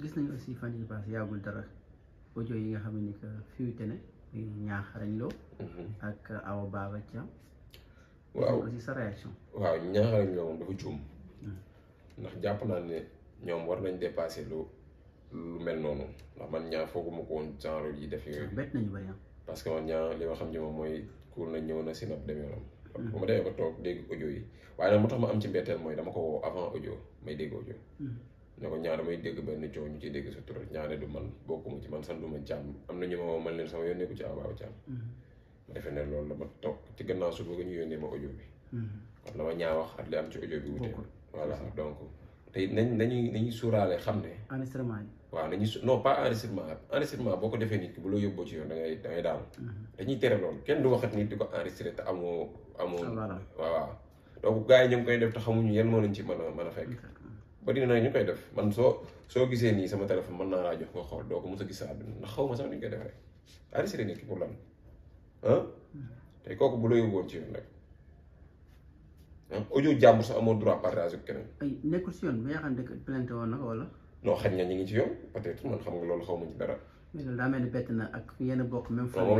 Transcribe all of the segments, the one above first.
gis nañu aussi fan yii passé yàggul dara audio yi nga xam ne que fuité na muy ñaaxarañ loo. Mhm. ak Awa Baba Thiam. waaw aussi waaw ñaaxarañ loo moom dafa juum. Hmm. ndax jàpp naa ne ñoom war nañ dépassé lu lu mel noonu ndax man ñaa fooguma ko woon genre yi def yooyu. Ah, bett parce que man ñaa li xam ne moom mooy kuur na ñëw na si napp dem yoonam. Hmm. bu ma demee ba toog dégg audio yi waaye nag mu tax ma am ci mbetteel mooy dama ko woo avant audio may dégg audio. Hmm. ne ko ñaar may dégg benn coow ñu ci dégg sa tur ñaare du man bokkuma ci man sanduma càmm am na ñu ma woo man leen sama yónnee ko ci abaaw càmm ma mm-hmm. defee ne loolu la ma toog ci gannaaw suba nga ñu yónnee ma audio bi mm-hmm. kon la ma ñaa wax ak li am ci audio bi wutee voilà donc te nañ nañuy nañuy suuraale xam ne enregistrement yi waaw nañu su non pas enregistrement enregistrement boo ko defee nit ki bu loo ci yoon da da ngay daal mm-hmm. dañuy tere loolu kenn du waxat nit di ko enregistré te amoo amoo ah, waaw donc gaa yi ñu ngi koy def te xamuñu yan moo lañ ci mën a mën a fekk bëri na ñu koy def man soo soo gisee nii sama téléphone mën naa laa jox nga xool doo ko mos a gis sa àdduna ndax xaw ma sax ni ñu koy defee arrêté nekk pour lan ah kooku bu la yóbbuwoon ci yoon rek ah audio jàmbur sax amoo droit partage ak keneen. ay nekkul si yoon ba na ko wala. non xaj ñu ngi ci yoon peut-être man xam nga loolu xaw ma ci dara. mais loolu daa na ak yenn bokk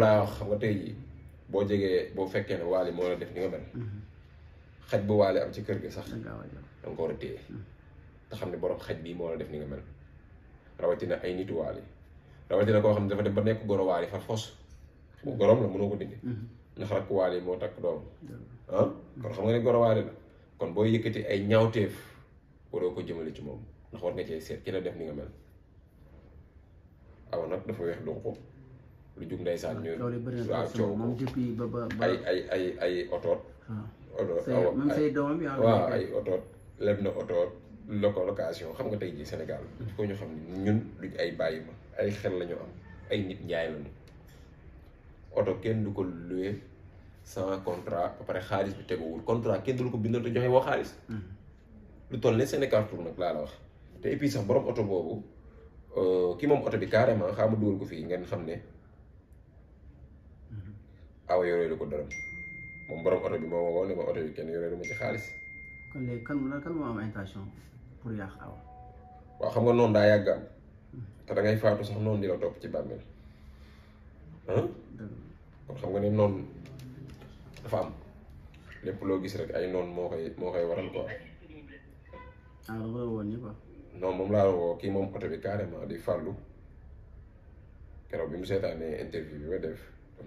laa xam nga tey jii boo jegee boo fekkee ne waali moo la def ni nga mel. Mhm. xaj bu am ci kër gi sax. da nga ko war a téye. Mhm. te xam ne borom xaj bii moo la def ni nga mel rawatina ay nitu rawatina koo xam ne dafa dem ba nekk goro waale far fos xam la mënoo ko dindi mm-hmm. ndax rakk waale moo takk doom ah kon boo yëkkati ay ñaawteef ko jëmale ci moom ndax war nga def ni nga mel aw nag dafa weex donc lu ah, ba ay ay ay otoot ah. otoot leb na otoot locolocation xam nga tey jii Sénégal il faut ñu xam ne ñun du ay bàyyi ma ay xel la am ay nit njaay lañu oto kenn du ko loué sans contrat ba pare xaalis bi teguwul contrat kenn du ko bindal te joxe woo xaalis. Mm-hmm. lu toll ne Sénégal tour nag laa la wax te et sax borom oto boobu euh, ki moom oto bi carrément xaaral ma dugal ko fii ngeen xam ne mm-hmm. awa yoree lu ko dërëm moom borom oto bi moo ma woo ne ma oto bi kenn yoree lu ma ci xaalis. pour yàq aw waaw xam nga noonu daa yàgg am te da faatu sax noonu di la topp ci bàmmeel kon xam nga ne noonu dafa am lépp loo gis rek ay noon moo koy moo koy waral quoi. ah, ah. moom laa woo kii moom oto bi carrément di fàllu keroog bi mu seetaanee interview bi ma def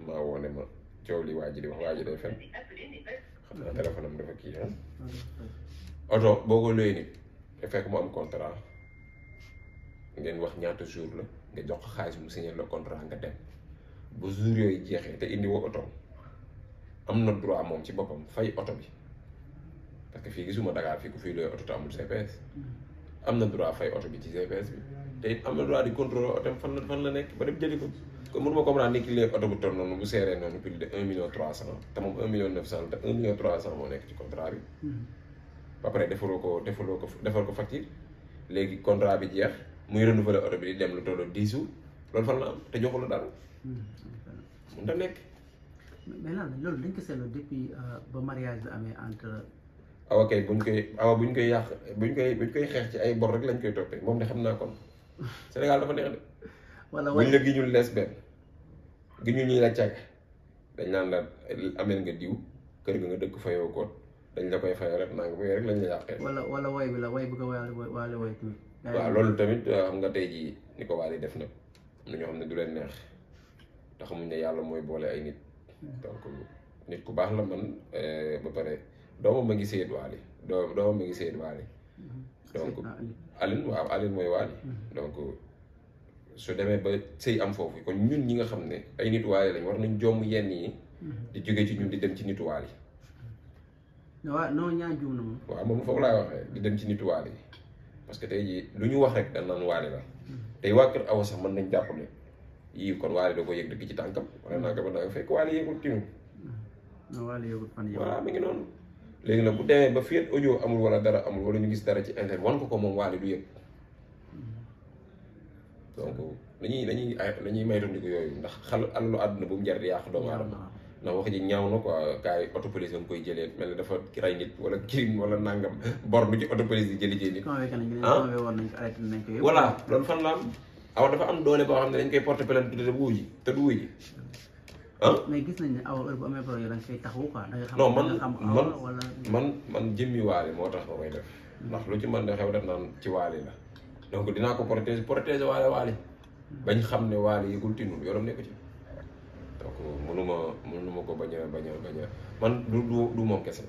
maa woo ma coow li waa ji di wax waa ji day fen xam naa téléphone am dafa kii ah. boo ko looy nit te fekk mu am contrat ngeen wax ñaata jour la nga jox ko xaalis mu signé le contrat nga dem ba jour yooyu jeexee te indi woo oto am na droit moom ci boppam fay oto bi parce que fii gisuma Dakar fii ku fii looy oto na droit fay bi ci GPS bi te it am na droit di contrôler oto fan la fan la nekk ba dem jëli ko kon mënuma comprendre ni ki léegi seeree noonu plus de un million trois cent te un million neuf cent moo nekk ci contrat bi hmm. ba pare defaloo ko defaloo ko defal ko facture léegi contrat bi jeex muy renouveler oto bi dem lu tolloo dix jours loolu fan la am te joxu la dara. Hmm. mënut a nekk. mais lan la loolu ko seetloo euh, buñ koy yàq buñ koy buñ koy xeex ci ay bor rek lañ koy toppee moom de xam naa kon Sénégal dafa neex de. buñ la giñul lees benn giñul ñuy la càgg dañ naan la ameel nga diw kër ga nga dëkk fayoo ko. dañ la koy fayoo rek nangam yooyu rek lañ la yàqee. wala wala woy bi la woy bu ko waale waale woy tuuti. loolu tamit euh, xam nga tey jii ni ko Wally def na am na xam ne du leen neex te xamuñ ne yàlla mooy boole ay nit. Hmm. donc nit ku baax la man euh, ba pare doomam ma ngi seet Wally doo doomam ma hmm. donc Aline waaw Aline mooy Wally hmm. donc su demee ba sëy am foofu kon ñun ñi nga xam ne ay nit Wally lañ war nañ jomm yenn yi. di jóge ci ñun di dem ci nit Wally yi waa non ñaa juum na moom. waaw moom laay waxee di dem ci nitu waale parce que tey jii lu ñu wax rek dañ naan waale la tey waa kër Awa sax mën nañ jàpp ne yii kon waale da ko yëg dëkk ci tànkam wala naa ko mën naa fekk waale yëgul ci mi ngi noonu. léegi nag bu demee ba fii audio amul wala dara amul wala ñu gis dara ci internet wan ko ko moom waale du yëg mm-hmm. donc dañuy dañuy dañuy maytandiku yooyu ndax xal alalu àdduna bu mu jar di yàq doomu aadama ndax wax ji ñaaw na quoi gars yi autopolice koy jëlee mel ne dafa ray nit wala crime wala nangam bor bu ci autopolice di jëli jëli nit. Ah? fan la aw dafa am doole boo xam ne dañ koy porter plainte te wuyu ji te du wuyu ji ah. mais gis nañ ne aw heure bu amee problème dañ man man man man jëmmi waale moo tax ba may def. ndax lu ci mën a xew def naan ci waale la donc dinaa ko protéger protéger waale waale hmm. bañ xam ne waale yëgul tinul yoonam nekk ci. donc euh, mënuma mënuma ko bañ a bañ a bañ a man du du du moom kese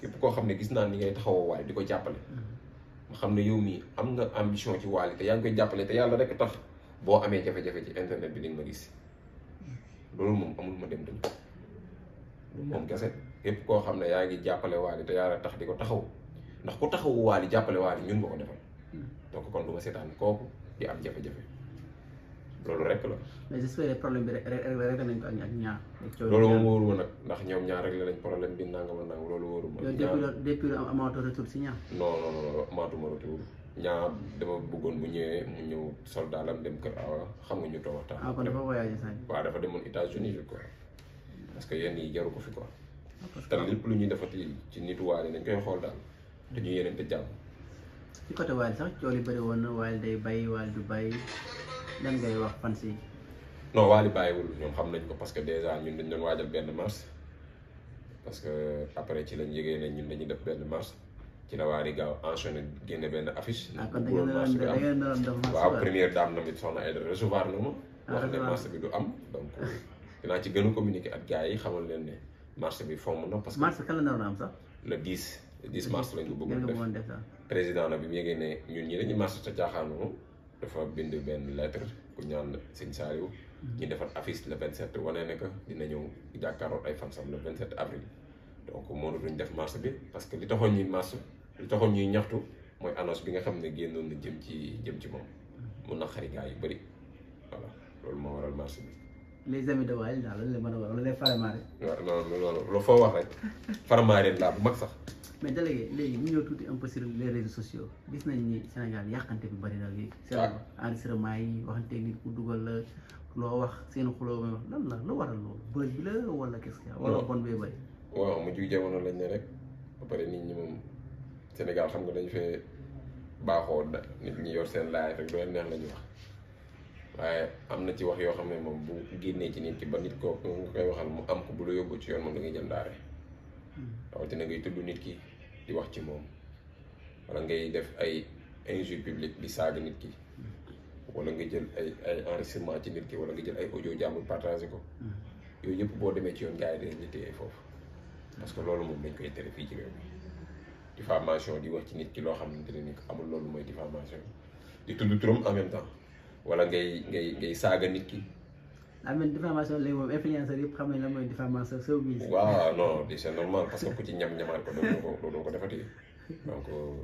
képp koo xam ne gis naa ni ngay taxawoo Wally di ko jàppale ma mm-hmm. xam ne yow mii am nga ambition ci Wally te yaa ngi koy jàppale te yàlla rek tax boo amee jafe-jafe ci internet bi ni nga ma gis mm-hmm. loolu moom amul ma dem tamit du moom kese képp koo xam ne yaa ngi jàppale Wally te yàlla tax di ko taxaw ndax ku taxawu Wally jàppale Wally ñun nga ko defal mm-hmm. donc kon du ma seetaan kooku di am jafe-jafe loolu rek la. mais j'espère problème bi rek réglé nañ ko ndax ñoom ñaar réglé nañ problème bi nangam ak nangam loolu wóoru ma. si ñaar. non non non amaatuma retour bëggoon bu ñëwee mu ñëw soldaalam dem kër xam nga ñu toog waxtaan. ah kon dafa voyagé sax. waaw dafa demoon états parce que yenn yi ko fi quoi. Ah, parce que te lépp lu ci nit waale nañ koy xool daal dañuy yeneen te jàmm. ci côté waale sax coono yi bëri woon na waale day bay waale du bay lan ngay wax fan si. non Wally bàyyiwul ñoom xam nañ ko parce que déjà ñun dañ doon waajal benn marche parce que après ci lañ yëgee ne ñun dañuy def benn marche ci la Wally gaaw enchaîné génne benn affiche. waaw première dame namit soxna ay recevoir na ma. wax ne marche bi du am donc dinaa ci gën communiqué ak gars yi xamal leen ne marche bi fomm na. parce que marche kan la naroon am sax. le 10 le 10 mars lañ ko def président na bi mu yëgee ñun ñi dañuy marche ca caaxaanoo. dafa bind benn lettre ku ñaan sëñ Saliou ñu mm-hmm. defar affiche le 27 wane ne que dina ñëw jàkkaaroon ay fansam le 27 avril donc mënatuñ def marche bi parce que li taxoon ñuy marche li taxoon ñuy ñaxtu mooy annonce bi nga xam ne génnoon na jëm ci jëm ci moom mm-hmm. mun na xari gaa yu bëri voilà loolu moo waral marche bi les amis de Waly daal loolu la mën a wax les faramaare. waaw non loolu foo wax rek faramaare laa bu mag sax. mais délégué léegi ñu ñëw tuuti un peu sur les réseaux sociaux gis nañ ni Sénégal yàqante bi bari na léegi. waaw enregistrement yi waxante dugal la loo wax seen xuloo wax lan la lu waral loolu bëri bi la wala qu'est-ce wala bon bee bëri. waaw mu jug jamono lañ ne rek ba pare nit ñi moom Sénégal xam nga dañu fee baaxoo nit ñi yor seen laaj rek doon neex la ñu wax. waaye am na ci wax yoo xam ne moom bu génnee ci nit ki ba nit ko nga koy waxal mu am ko bu la yóbbu ci yoon moom da ngay jëm daare hmm. rawatina ngay tudd nit ki di wax ci moom wala ngay def ay injure publique saaga nit ki hmm. wala nga jël ay ay enregistrement ci nit ki wala nga jël ay audio jàmm partagé ko hmm. yooyu yëpp boo demee ci yoon gars yi dañ la foofu parce que loolu moom dañ koy tere fii ci di mi di wax ci nit ki loo xamante ne ni amul loolu mooy di diffamation di tudd turam en même temps wala ngay ngay ngay saaga nit ki. ah mais diffamation léegi moom influenceur yëpp xam na la mooy diffamation soo bii. waaw non c'est normal parce que ku ci ñam ñamaat ko dootoo ko ko defati donc euh,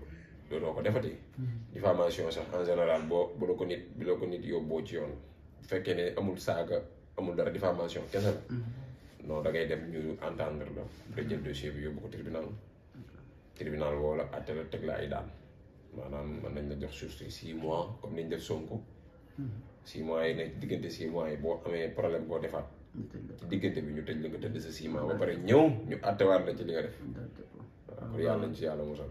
dootoo ko defati. Hmm. diffamation sax en général boo bu ko nit bu la ko nit ci yoon bu fekkee amul saaga amul dara diffamation kese la. Hmm. da ngay dem ñu entendre la nga jël dossier bi yóbbu ko tribunal. tribunal woo la àtte la teg la ay daan maanaam mën nañ la jox sursis six mois comme niñ def Sonko. six mois yi nekk diggante six mois yi boo amee problème boo defaat ci diggante bi ñu tëj la nga tëdd sa six mois ba pare ñëw ñu attewaat la ci li nga def waaw kon yàlla nañ ci yàlla mosal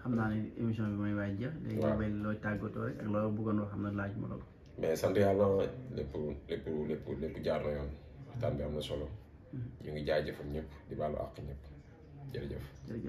xam naa ne émission bi mooy waay jeex léegi nga bay looy tàggatoo rek ak loo bëggoon wax xam na laaj ma la ko mais sant yàlla lépp lépp lépp lépp jaar na yoon waxtaan bi am na solo mm-hmm. ñu ngi jaajëfal ñëpp di baalu àq ñëpp jërëjëf